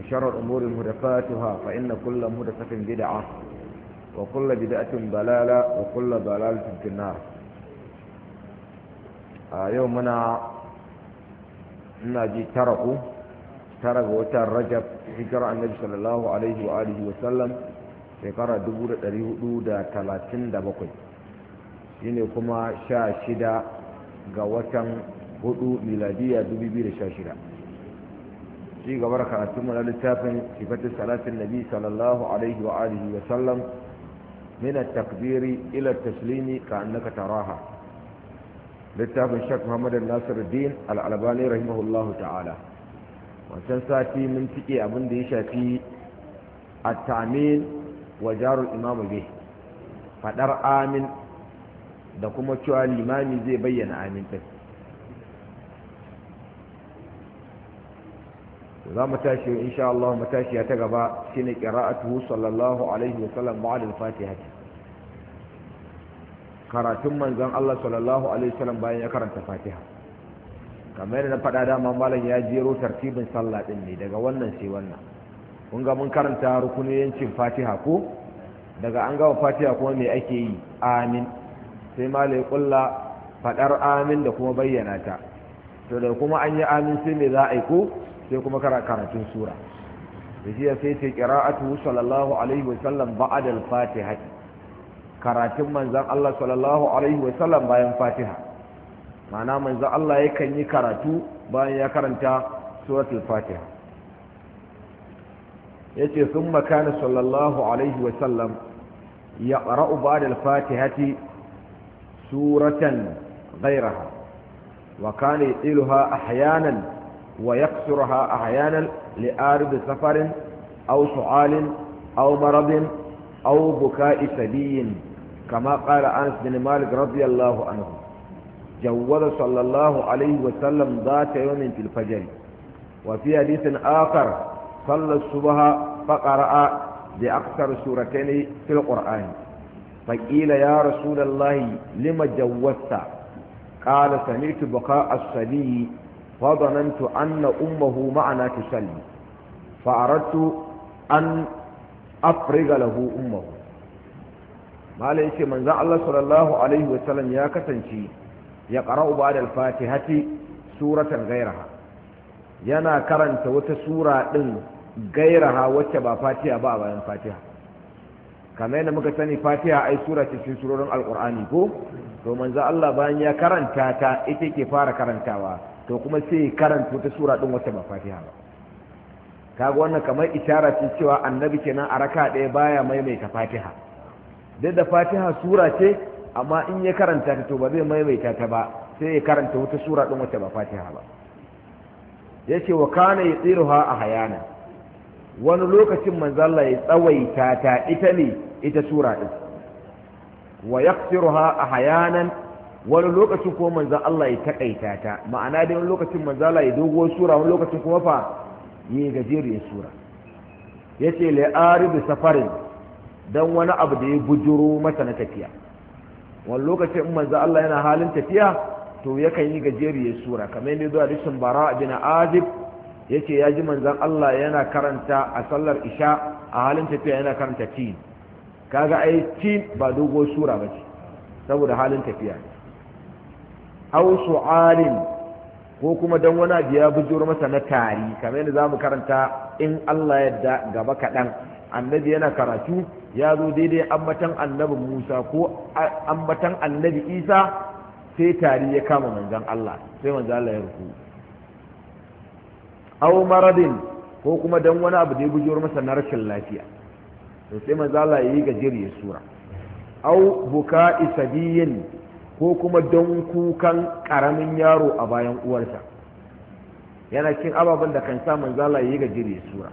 وشر الأمور مهدفاتها فإن كل مهدفة بدعة وكل بدعة ضلالة وكل ضلالة في النار يومنا نجي ترقوا ترقوا وتر رجب هجر النبي صلى الله عليه وآله وسلم shekara 437 shine kuma 16 ga watan 4 miladiya 2016 ci gaba da karatun mu na littafin sifatin salatin nabi sallallahu alaihi wa alihi wa sallam min takbiri ila taslimi ka annaka taraha littafin Sheikh Muhammad Nasiruddin Al-Albani rahimahullahu ta'ala wancan sati mun tike abin da ya shafi at-ta'min wa jarul imam bih fadar amin da kuma cewa limami zai bayyana amin din za mu tashi insha Allah mu tashi ta gaba shine qira'atuhu sallallahu alaihi wasallam ba'da al-fatiha karatun manzon Allah sallallahu alaihi sallam bayan ya karanta fatiha kamar yadda na faɗa dama malam ya jero tartibin sallah din ne daga wannan sai wannan kun ga mun karanta rukuniyancin fatiha ko daga an gawa fatiha kuma me ake yi amin sai malam ya kulla faɗar amin da kuma bayyana ta to da kuma an yi amin sai me za a yi ko sai kuma kara karatun sura da jiya sai ce qira'atu sallallahu alaihi wa sallam ba'd al-fatiha karatun manzan Allah sallallahu alaihi wa sallam bayan fatiha mana manzan Allah ya kan yi karatu bayan ya karanta suratul fatiha yace sun makana sallallahu alaihi wa sallam yaqra'u ba'd al fatiha suratan ghayraha wa kana yatiluha ahyanan ويكسرها أحيانا لآرض سفر أو سعال أو مرض أو بكاء سبي كما قال أنس بن مالك رضي الله عنه جوز صلى الله عليه وسلم ذات يوم في الفجر وفي حديث آخر صلى الصبح فقرأ بأكثر سورتين في القرآن فقيل يا رسول الله لم جوزت قال سمعت بقاء الصبي فظننت أن أمه معنا تسلي فأردت أن أفرغ له أمه ما ليس من ذا الله صلى الله عليه وسلم يا كتنشي يقرأ بعد الفاتحة سورة غيرها yana karanta wata sura ɗin gairaha wacce ba fatiha ba bayan fatiha kamar yadda muka sani fatiha ai sura ce cikin surorin alkur'ani ko to manzo Allah bayan ya karanta ta ita ke fara karantawa to kuma sai karanta ta sura din wata ba fatiha ba kaga wannan kamar ishara ce cewa annabi kenan a raka ɗaya baya maimaita fatiha duk da fatiha sura ce amma in ya karanta ta to ba zai maimaita ta ba sai ya karanta wata sura din wata ba fatiha ba yace wa kana yatsiruha a hayana wani lokacin manzo Allah ya tsawaita ta ita ne ita sura din wa yaqtiruha a hayanan wani lokacin kuma manzan Allah ya takaita ta ma'ana dai wani lokacin manzan Allah ya dogo sura wani lokacin kuma fa yi gajeriyar sura yace la'aribi arid safarin dan wani abu da ya bujuro masa na tafiya wani lokacin manzan Allah yana halin tafiya to yakan yi gajeriyar sura kamar yadda zuwa rishin bara bin azib yace ya ji manzan Allah yana karanta a sallar isha a halin tafiya yana karanta tin kaga ai tin ba dogo sura bace saboda halin tafiya ne Au su'alin ko kuma dan wani abu ya bujuro masa na tari kamar yadda zamu karanta in Allah yadda gaba kaɗan annabi yana karatu ya zo daidai ambatan annabi Musa ko ambatan annabi Isa sai tari ya kama manzon Allah sai manzon Allah ya ruku aw maradin ko kuma dan wani abu da ya bujuro masa na rashin lafiya to sai manzon Allah ya yi gajeriya sura aw buka'i sabiyin ko kuma don kukan ƙaramin yaro a bayan uwarsa yana cin ababen da kan sa manzala yi jirgin sura